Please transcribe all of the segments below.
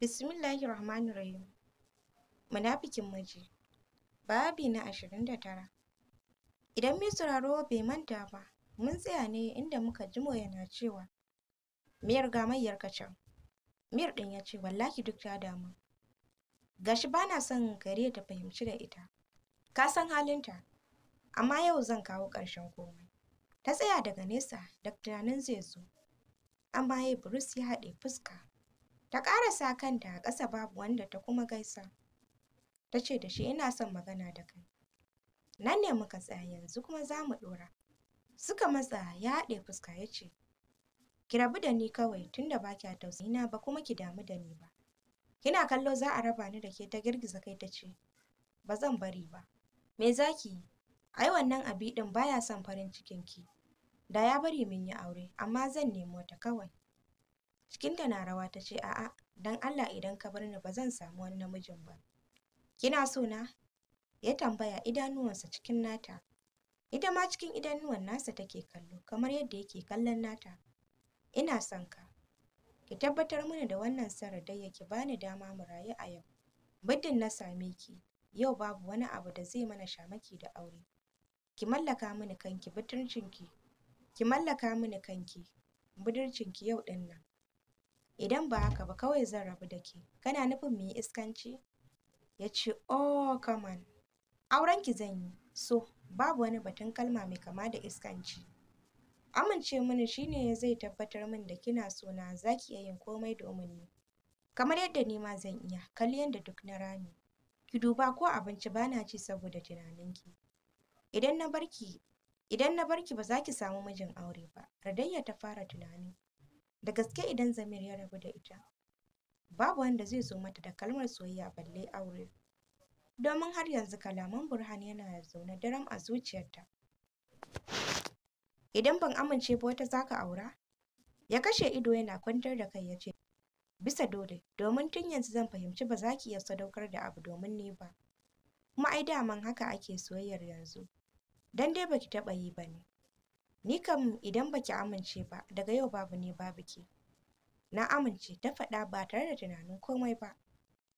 Bismillahirrahmanirrahim. Rahim. Munafikin miji. Babi na ashirin da tara. Idan mai sauraro bai manta ba, mun tsaya ne inda muka jimo yana cewa, Miyar gamayyar ka can. Miyar ɗin ya ce, wallahi duk ta damu. Gashi ba na son gare ta fahimci da ita. Ka san halinta, amma yau zan kawo ƙarshen komai. Ta tsaya daga nesa, da tunanin zai zo. Amma ya Bruce ya haɗe fuska. Ta ƙarasa kanta a ƙasa babu wanda ta kuma gaisa. Ta ce da shi ina son magana da kai. Nan ne muka tsaya yanzu kuma za mu ɗora. Suka matsa ya haɗe fuska ya ce, Ki rabu da ni kawai tunda ba kya tausayina ba kuma ki damu da ni ba. Kina kallo za a raba ni da ke ta girgiza kai ta ce, Ba zan bari ba. Me za ki yi? Ai wannan abi ɗin baya son farin cikinki. Da ya bari mun yi aure amma zan nemo ta kawai. Cikinta na rawa ta ce, A'a, don Allah idan ka bar ni ba zan samu wani namijin ba. Kina so na? Ya tambaya idanuwansa cikin nata. Ita ma cikin idanuwan nasa take kallo kamar yadda yake kallon nata. Ina son ka. Ki tabbatar mini da wannan saradayya ki bani dama mu rayu a yau. Muddin na same ki, yau babu wani abu da zai mana shamaki da aure. Ki mallaka mini kanki, budurcinki. Ki mallaka mini kanki, budurcinki yau dinnan. Idan ba haka ba kawai zan rabu da ke. Kana nufin mu yi iskanci? Ya ce, Oh, come on. ki zan yi. So, babu wani batun kalma mai kama da iskanci. Amince mini shine zai tabbatar min da kina so na za ki iya yin komai domin ni. Kamar yadda ni ma zan iya, kalli yadda duk na rame. Ki duba ko abinci bana ci saboda tunaninki. Idan na barki, idan na barki ba za ki samu mijin aure ba. Radayya ta fara tunani. da gaske idan Zamir ya rabu da ita babu wanda zai zo mata da kalmar soyayya balle aure domin har yanzu kalaman Burhan yana zaune daram a zuciyarta idan ban amince ba wata zaka aura ya kashe ido yana kwantar da kai ya ce bisa dole domin tun yanzu zan fahimci ba za ki iya sadaukar da abu domin ni ba kuma ai daman haka ake soyayyar yanzu dan dai baki taɓa yi ba ne Ni kam idan baki amince ba daga yau babu ne babu ke. Na amince ta faɗa ba tare da tunanin komai ba.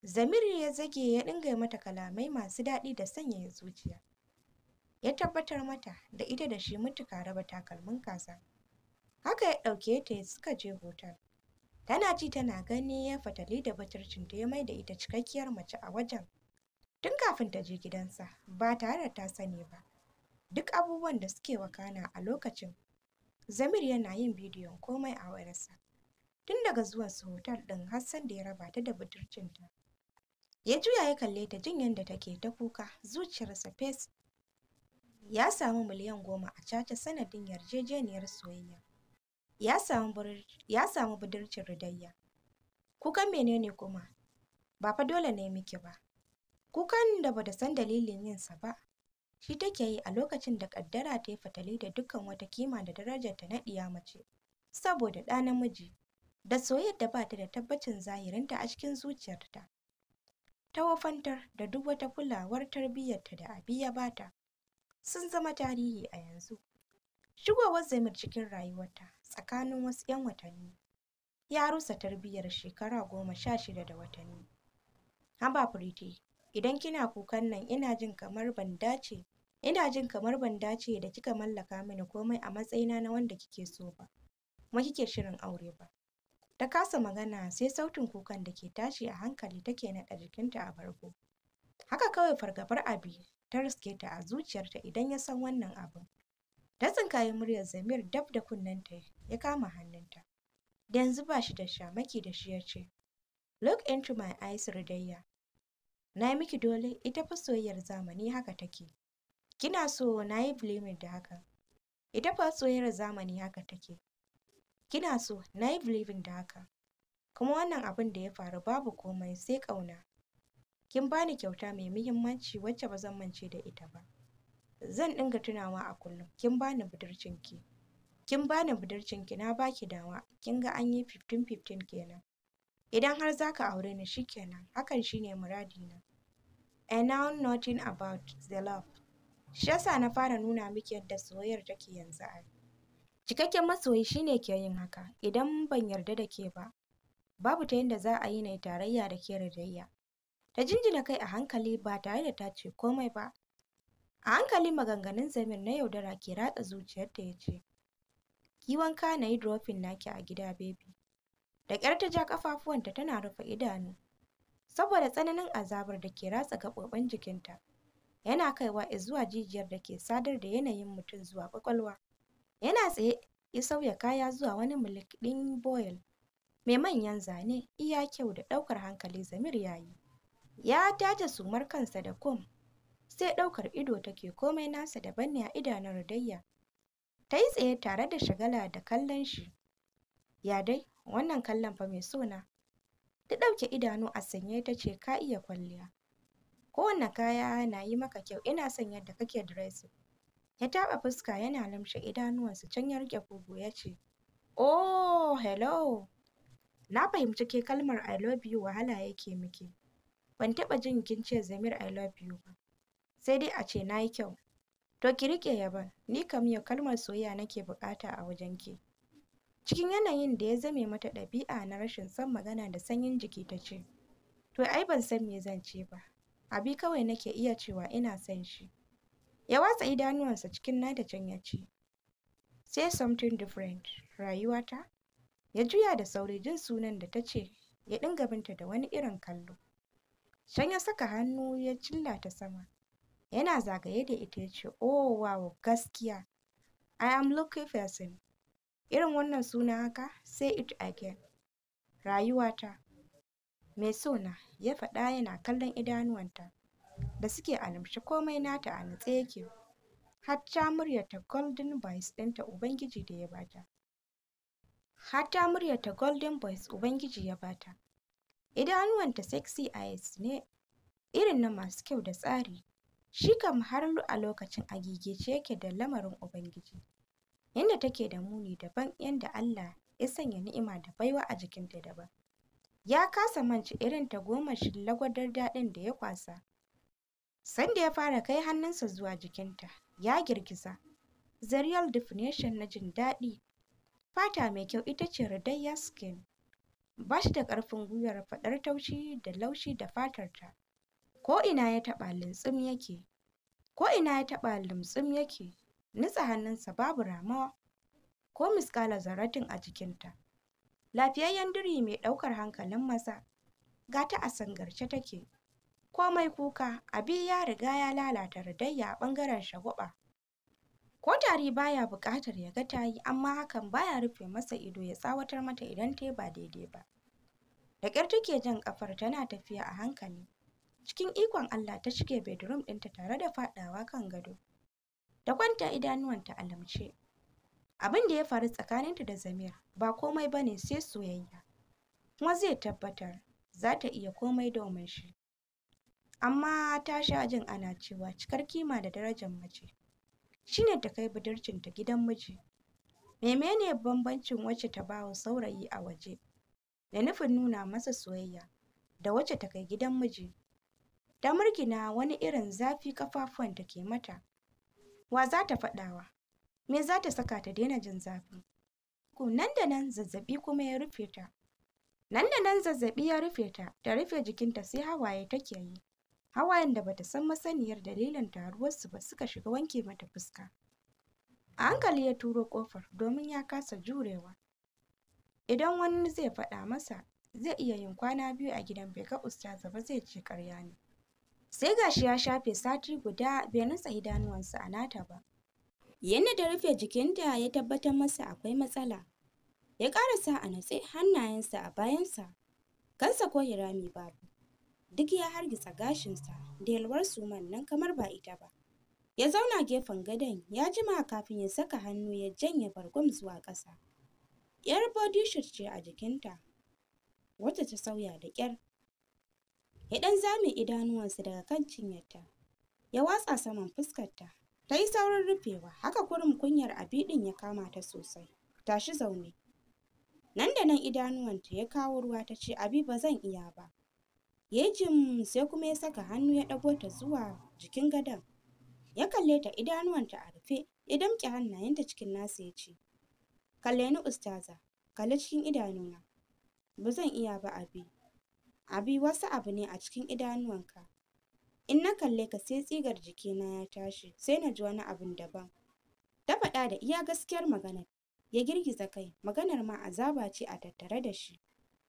Zamiri ya zage ya dinga mata kalamai masu daɗi da sanyaya zuciya. Ya tabbatar mata da ita da shi mutuka raba takalmin kasa. Haka ya ɗauke ta ya suka je hotel. Tana ji tana gani ya fatali da batarcin ta ya mai da ita cikakkiyar mace a wajen. Tun kafin ta je gidansa ba tare da ta sani ba. duk abubuwan da suke wakana a lokacin. Zamir yana yin bidiyon komai a wayarsa. Tun daga zuwan su hotel ɗin har da ya raba ta da budurcinta. Ya juya ya kalle ta jin yadda take ta kuka zuciyarsa fes. Ya samu miliyan goma a caca sanadin yarjejeniyar soyayya. Ya samu budurcin ridayya. Kukan menene kuma? Ba fa dole ne miki ba. Kukan da bata san dalilin yinsa ba. shi take yi a lokacin da kaddara ta yi fatali da dukkan wata kima da darajar ta na ɗiya mace saboda ɗa namiji da soyayyar da ba ta da tabbacin zahirinta a cikin zuciyarta ta wafantar da duk wata kulawar tarbiyyarta da abi ya bata sun zama tarihi a yanzu shigowar zamir cikin rayuwarta tsakanin wasu 'yan watanni ya rusa tarbiyyar shekara goma sha shida da watanni haba idan kina kukan nan ina jin kamar ban dace ina jin kamar ban dace da kika mallaka mini komai a matsayina na wanda kike so ba kuma kike shirin aure ba ta kasa magana sai sautin kukan da ke tashi a hankali take naɗa jikinta a bargo haka kawai fargabar abi ta riske ta a zuciyarta idan ya san wannan abin ta tsinkaye muryar zamir dab da kunnenta ya kama hannunta da yanzu ba shi da shamaki da shi ya ce look into my eyes ridayya na yi miki dole ita fa soyayyar zamani haka take kina so na yi blaming da haka ita fa soyayyar zamani haka take kina so na yi blaming da haka kuma wannan abin da ya faru babu komai sai ƙauna kin bani kyauta mai muhimmanci wacce ba zan mance da ita ba zan dinga tunawa a kullum kin bani budurcinki kin bani budurcinki na baki dawa kin ga an yi 15-15 kenan Idan har za ka aure ni shi kenan, hakan shi ne na. I know nothing about the love. Shi ya sa na fara nuna miki yadda soyayyar take yanzu ai. Cikakken masoyi shi ne ke yin haka, idan ban yarda da ke ba, babu ta yadda za a yi na tarayya da ke radayya. Ta jinjina kai a hankali ba tare da ta ce komai ba. A hankali maganganun Zamir na yaudara ke ratsa zuciyarta ya ce, Ki wanka na yi dropping naki a gida baby. da ƙyar ta ja ƙafafuwanta tana rufe idanu saboda tsananin azabar da ke ratsa gaɓoɓin jikinta yana kaiwa zuwa jijiyar da ke sadar da yanayin mutum zuwa ƙwaƙwalwa yana tsaye ya sauya kaya zuwa wani mulkin boyel mai manyan zane iya kyau da ɗaukar hankali zamir ya yi ya taja sumar kansa da kom sai ɗaukar ido take komai nasa daban ne a idanun rudayya ta yi tsaye tare da shagala da kallon shi ya dai wannan kallon fa mai sona ta ɗauke idanu a sanye ta ce ka iya kwalliya kowanne kaya na yi maka kyau ina son yadda kake dressing ya taɓa fuska yana lamshe idanuwansa can ya riƙe kugu ya ce oh hello na fahimci ke kalmar i love you wahala yake miki ban taɓa jin kin ce zamir i love you ba sai dai a ce na yi kyau to ki riƙe yaban ni kam yau kalmar soyayya nake buƙata a wajen ki cikin yanayin da ya zame mata ɗabi'a na rashin son magana da sanyin jiki ta ce to ai ban san me zan ce ba abi kawai nake iya cewa ina son shi ya watsa idanuwansa cikin nada can ya ce say something different rayuwata ya juya da sauri jin sunan da ta ce ya dinga binta da wani irin kallo can ya saka hannu ya cilla ta sama yana zagaye da ita ya ce oh wow gaskiya i am lucky person Irin wannan suna haka, say it again. Rayuwata. Mai sona, ya faɗa yana kallon idanuwanta, da suke alamshi komai nata a natse yake. Hatta muryarta golden boys ɗinta Ubangiji da ya bata. Hatta muryata golden Boys Ubangiji ya bata. Idanuwanta sexy eyes ne, irin na masu kyau da tsari. Shi kam har a lokacin agigece yake da lamarin Ubangiji. Yanda take da muni daban, yanda Allah ya sanya ni'ima da baiwa a jikinta daban. Ya kasa manci irin ta goma tagomashin lagwadar daɗin da ya kwasa. Sanda ya fara kai hannunsa zuwa jikinta, ya girgiza. The real definition na jin daɗi. Fata mai kyau ita ce Radayya skin. Ba shi da ƙarfin gwiwar faɗar taushi da laushi da fatarta. Ko ina ya taɓa lintsum yake. Ko ina ya taɓa yake. nutsa hannunsa babu ramawa ko miskala zaratin a jikinta lafiyayyen diri mai ɗaukar hankalin maza ga ta a sangarce take komai kuka abi ya riga ya lalata radayya a ɓangaren shagwaba ko tari baya buƙatar ya ga tayi, amma hakan baya rufe masa ido ya tsawatar mata idan ta ba daidai ba da ƙyar take jan ƙafar tana tafiya a hankali cikin ikon Allah ta shige bedroom ɗinta tare da faɗawa kan gado ta kwanta idanuwanta a lamce abin da ya faru tsakaninta da Zamir ba komai ba ne sai soyayya kuma zai tabbatar za ta iya komai domin shi amma ta sha jin ana cewa cikar kima da darajar mace shine ta kai budurcinta gidan miji menene bambancin wacce ta bawa saurayi a waje da nufin nuna masa soyayya da wacce ta kai gidan miji ta murgina wani irin zafi kafafuwan kafafuwanta ke mata Wa za ta faɗawa? Me za ta saka ta daina jin zafi? Ko nan da nan zazzaɓi kuma ya rufe ta. Nan da nan zazzaɓi ya rufe ta, ta rufe jikinta sai hawaye take yi. Hawayen da bata san masaniyar dalilin taruwarsu ba suka shiga wanke mata fuska. A hankali ya turo ƙofar domin ya kasa jurewa. Idan wani zai faɗa masa zai iya yin kwana biyu a gidan bai ga ustaza ba zai ce ƙarya ne. Sai gashi ya shafe sati guda bai nutsa idanuwansa a nata ba. yana da rufe jikinta ya tabbatar masa akwai matsala. Ya ƙarasa a natse hannayensa a bayansa, kansa ko hirami babu. Duk ya hargitsa gashinsa da yalwar suman nan kamar ba ita ba. Ya zauna gefen gadon ya jima kafin ya saka hannu ya janye bargon zuwa ƙasa. ‘Yar body ce a jikinta, wacce ta sauya da ƙyar. ya ɗan zame idanuwansa daga kan cinyarta ya watsa saman fuskarta ta yi saurin rufewa haka kurum kunyar abi ɗin ya kama ta sosai tashi zaune nan da nan idanuwanta ya kawo ruwa ta ce abi ba zan iya ba ya yi jim sai kuma ya saka hannu ya ɗago ta zuwa jikin gadon ya kalle ta idanuwanta a rufe ya damƙe hannayenta cikin nasa ya ce kalle ni ustaza kalli cikin idanuna ba zan iya ba abi abi wasu abu ne a cikin idanuwanka in na kalle ka sai tsigar jikina ya tashi sai na ji wani abun daban ta faɗa da iya gaskiyar magana ya girgiza kai maganar ma azaba ce a tattare da shi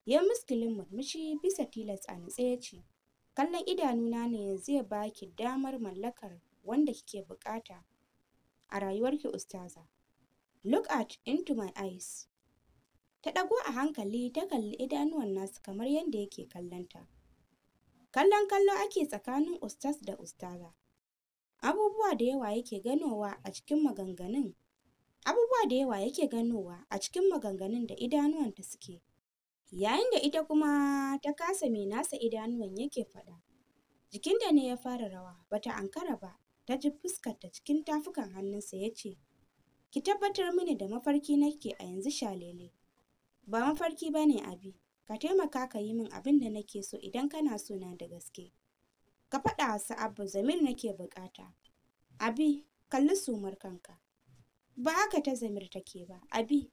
ya muskilin murmushi bisa tilas a nutse ya ce kallon idanuna ne zai baki damar mallakar wanda kike buƙata a rayuwarki ustaza look at into my eyes Ta ɗago a hankali ta kalli idanuwan nasu kamar yadda yake kallonta. Kallon kallo ake tsakanin ustas da ustaza. Abubuwa da yawa yake ganowa a cikin maganganun. Abubuwa da yawa yake ganowa a cikin maganganun da idanuwanta suke. Yayin da ita kuma ta kasa mai nasa idanuwan yake faɗa. jikin da ne ya fara rawa, bata ankara ba, ta ji fuskarta cikin tafukan hannunsa ya ce, Ki tabbatar mini da mafarki nake a yanzu shalele. ba mafarki ba ne abi ka taimaka ka yi min abin da nake so idan kana so na da gaske ka faɗa wa sa'abu zamir nake buƙata abi kalli sumar kanka ba haka ta zamir take ba abi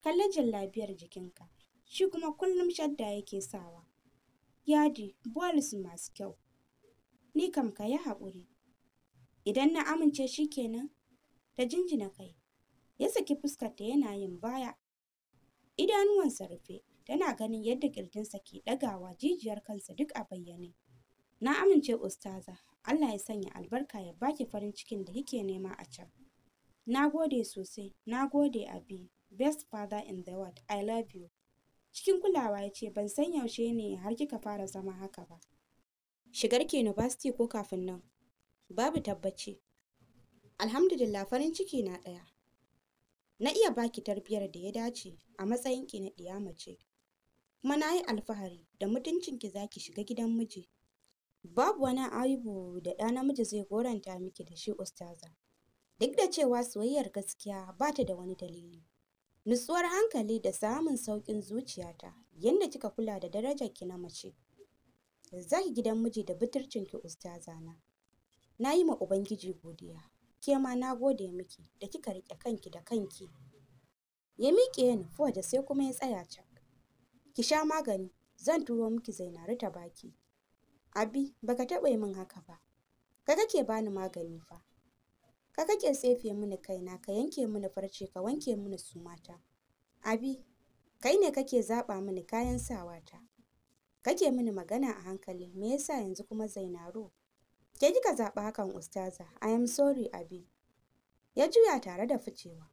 kalli jallabiyar jikinka shi kuma kullum shadda yake sawa yadi bolis masu kyau ni kam ka yi haƙuri idan na amince shi kenan ta jinjina kai ya saki fuskarta yana yin baya idanuwansa rufe tana ganin yadda kirjinsa ke ɗagawa jijiyar kansa duk a bayyane na amince ustaza Allah ya sanya albarka ya baki farin cikin da kike nema a can na gode sosai na gode abi best father in the world i love you cikin kulawa ya ce ban san yaushe ne har kika fara zama haka ba shigar ke university ko kafin nan babu tabbaci alhamdulillah farin ciki na ɗaya na iya baki tarbiyyar da ya dace a matsayin ki na ɗiya mace kuma na yi alfahari da mutuncin ki za ki shiga gidan miji babu wani aibu da ɗa namiji zai goranta miki da shi ustaza duk da cewa soyayyar gaskiya ba ta da wani dalili nutsuwar hankali da samun sauƙin zuciyata yadda kika kula da darajar ki na mace zaki gidan miji da buturcin ki ustaza na na yi ma ubangiji godiya Ke ma na gode miki da kika riƙe kanki da kanki. Ya miƙe ya nufi waje sai kuma ya tsaya can. Ki sha magani, zan turo miki zainari ta baki. Abi, baka taɓa yi min haka ba. Ka kake bani magani fa. Ka kake tsefe mini kaina, ka yanke mini farce, ka wanke mini sumata. Abi, kai ne kake zaɓa mini kayan sawa ta? Kake mini magana a hankali, me yasa yanzu kuma Zainaru? Ke kika zaɓi hakan Ustaza, I am sorry Abi. Ya juya tare da ficewa.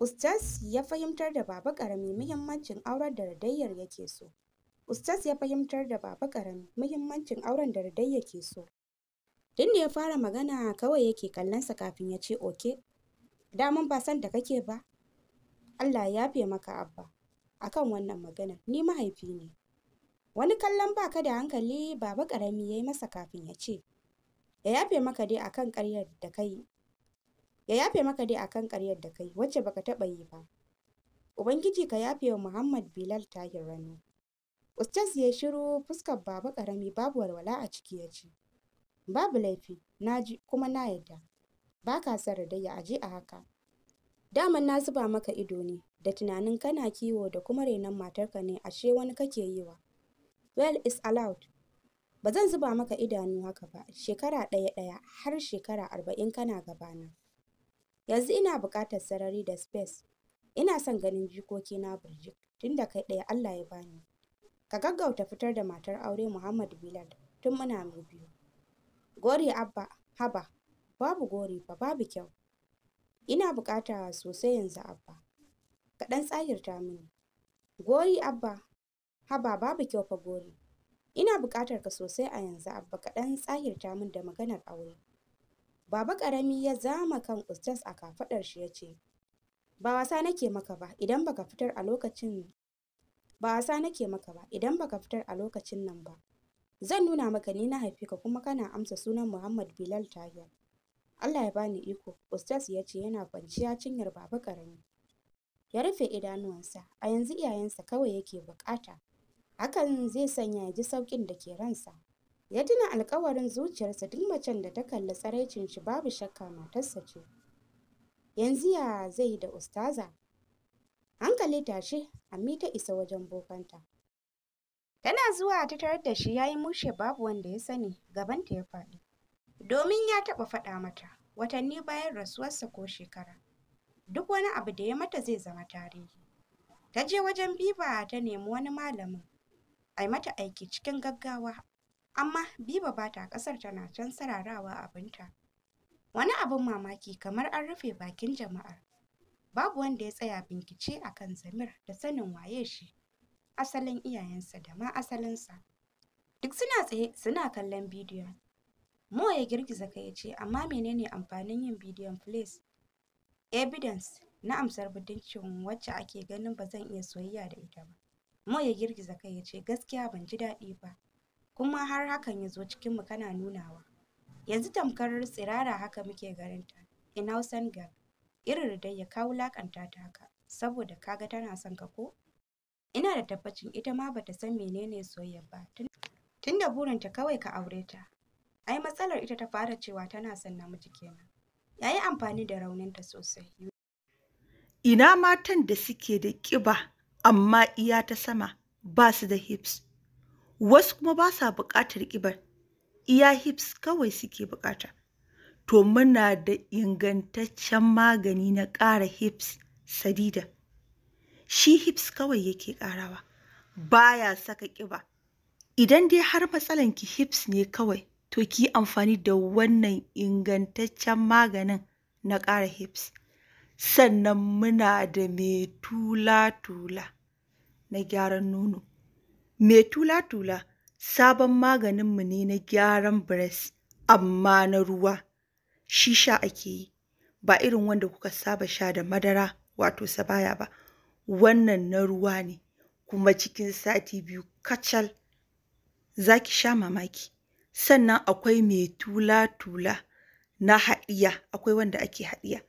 Ustaz ya fahimtar da baba ƙarami muhimmancin auren da Radayyar yake so. Ustaz ya fahimtar da baba ƙarami muhimmancin auren da Radayya ke so. Tun da ya fara magana kawai yake kallonsa kafin ya ce oke. Daman ba san da kake ba. Allah ya yafe maka abba. Akan wannan magana ni mahaifi ne. Wani kallon baka da hankali baba ƙarami ya yi masa kafin ya ce. ya yafe maka dai akan ƙaryar da kai ya yafe maka dai akan ƙaryar da kai wacce baka taɓa yi ba ubangiji ka yafe wa muhammad bilal tahir rano ustaz ya shiru fuskar baba karami babu walwala a ciki ya ce babu laifi na ji kuma na yarda ba ka da radayya a je a haka daman na zuba maka ido ne da tunanin kana kiwo da kuma renon matarka ne ashe wani kake yi wa well is allowed ba zan zuba maka idanu haka ba shekara ɗaya ɗaya har shekara arba'in kana gabana yanzu ina buƙatar sarari da space ina son ganin jikoki na Birjik tunda kai ɗaya Allah ya bani ka gaggauta fitar da matar aure Muhammad Bilal tun muna mu biyu gori abba haba babu gori ba babu kyau ina buƙata sosai yanzu abba ka ɗan tsahirta mini gori abba haba babu kyau fa gori Ina buƙatar ka sosai a yanzu abba kaɗan tsahirta min da maganar aure. Baba ƙarami ya zama kan ustas a kafaɗar shi ya ce, Ba wasa nake maka ba idan baka fitar a lokacin ba wasa nake maka ba idan baka fitar a lokacin nan ba. Zan nuna maka ni na haife ka kuma kana amsa sunan Muhammad Bilal Tahir. Allah ya bani iko, ustas ya ce yana kwanciya cinyar baba ƙarami. Ya rufe idanuwansa, a yanzu iyayensa kawai yake buƙata. hakan zai sanya ya ji sauƙin da ke ransa ya tuna alkawarin zuciyarsa duk macen da ta kalli tsaraicin shi babu shakka matarsa ce yanzu ya zai yi da ustaza hankali tashi ammi ta isa wajen bokanta tana zuwa ta tarar da shi ya yi mushe babu wanda ya sani gabanta ya faɗi domin ya taɓa faɗa mata watanni bayan rasuwarsa ko shekara duk wani abu da ya mata zai zama tarihi ta je wajen biba ta nemi wani malamin a yi mata aiki cikin gaggawa amma biba ba ta ƙasar tana can sararawa abinta wani abin mamaki kamar an rufe bakin jama'ar babu wanda ya tsaya bincike a kan zamir da sanin waye shi asalin iyayensa da ma asalinsa duk suna tsaye suna kallon bidiyon mo ya girgiza kai ya ce amma menene amfanin yin bidiyon place evidence na amsar budincin wacce ake ganin ba zan iya soyayya da ita ba Mo ya girgiza kai ya ce gaskiya ban ji daɗi ba. Kuma har hakan ya zo cikinmu kana nunawa. Yanzu tamkar tsirara haka muke garinta. san girl. Irin dai ya kawo lakanta ta haka. Saboda kaga tana son ka ko? Ina da tabbacin ita ma bata san menene soyayya ba. Tunda burinta kawai ka aure ta. Ai matsalar ita ta fara cewa tana son namiji kenan. Yayi amfani da rauninta sosai. Ina matan da suke da ƙiba amma iya ta sama ba su da hips wasu kuma ba sa buƙatar ƙibar iya hips kawai suke buƙata to muna da ingantaccen magani na ƙara hips sadida shi hips kawai yake ƙarawa baya saka ƙiba idan dai har matsalan ki hips ne kawai to ki yi amfani da wannan ingantaccen maganin na ƙara hips sannan muna da mai tula-tula na gyaran nono. Mai tula-tula sabon maganinmu ne na gyaran bres amma na ruwa. Shi sha ake yi, ba irin wanda kuka saba sha da madara wato sabaya ba. Wannan na ruwa ne kuma cikin sati biyu kacal za ki sha mamaki. Sannan akwai mai tula-tula na haɗiya, akwai wanda ake haɗiya.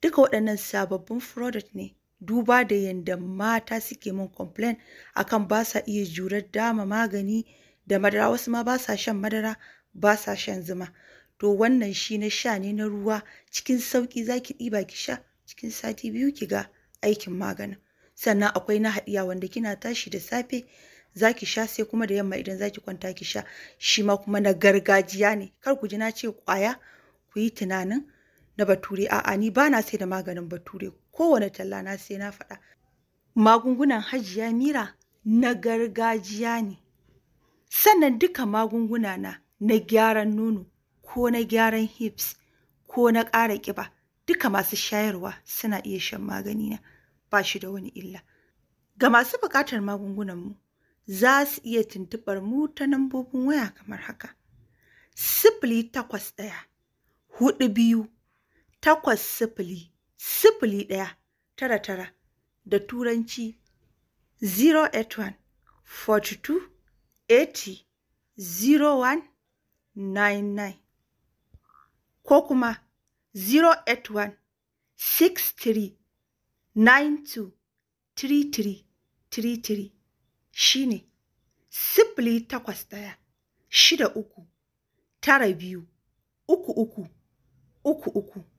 Duka waɗannan sababbin product ne. duba da yadda mata suke min complain akan ba sa iya jurar dama magani da madara wasu ma ba sa shan madara ba sa shan zuma to wannan shi na sha ne na ruwa cikin sauki ki ɗiba ki sha cikin sati biyu ki ga aikin maganin sannan akwai na haɗiya wanda kina tashi da safe za ki sha sai kuma da yamma idan za ki kwanta ki sha shi ma kuma na gargajiya ne kar ku ji na ce ƙwaya ku yi tunanin na bature a'a ni ba na sai da maganin bature kowane talla na sai na faɗa magungunan hajiya mira na gargajiya ne sannan duka magunguna na na gyaran nono ko na gyaran hips ko na ƙara ƙiba duka masu shayarwa suna iya shan magani na ba shi da wani illa ga masu buƙatar magungunan mu, za su iya tuntuɓar mu ta lambobin waya kamar haka sifili takwas ɗaya hudu biyu takwas sifili sifili ɗaya tara tara da Turanci 081 42 80 0199 ko kuma 081 63 92 33 33 shi ne sifili takwas ɗaya shida uku tara biyu uku uku uku uku